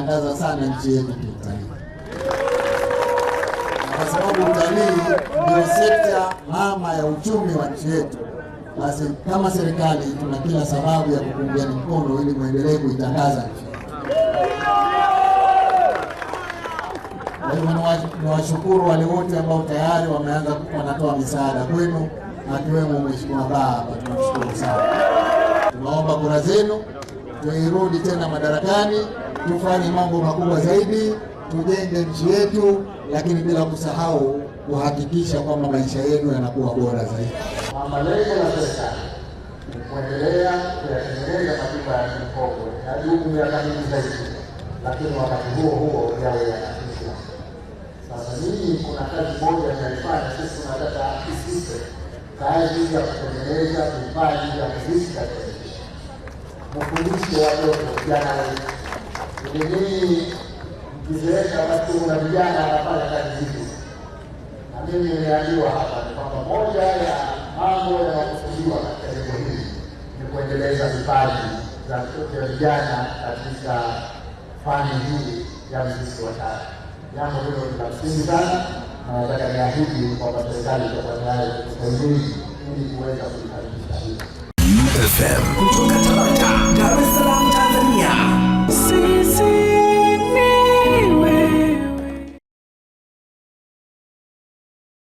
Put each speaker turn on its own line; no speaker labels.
inashangaza sana nchi yetu kiutalii, kwa sababu utalii ndio sekta mama ya uchumi wa nchi yetu. Basi kama serikali tuna kila sababu ya kupungiani mkono ili mwendelee kuitangaza nchi. Kwa hivyo niwashukuru wale wote ambao tayari wameanza wanatoa misaada kwenu, akiwemo Mheshimiwa Baa hapa, tunamshukuru sana. Tunaomba kura zenu tuirudi tena madarakani tufanye mambo makubwa zaidi, tujenge nchi yetu, lakini bila kusahau kuhakikisha kwamba maisha yenu yanakuwa bora zaidi.
Malengo la serikali ni kuendelea kuyatengeneza katiba ya mkopo na juu ya kanuni zaidi, lakini wakati huo huo yawe yanafikia. Sasa nyinyi, kuna kazi moja mnaifanya, sisi tunataka isise kazi ya kutengeneza vipaji vya muziki katika nchi, watoto vijana mimi mkizeesha basi kuna vijana wanafanya kazi hizi, na mimi nimeambiwa hapa ni kwamba moja ya mambo yanayokusudiwa katika jengo hili ni kuendeleza vipaji vya vijana katika fani hii ya muziki wa tata. Jambo hilo ni la msingi sana, na nataka niahidi kwamba serikali itakuwa tayari kutoa ili kuweza kuifanikisha hili.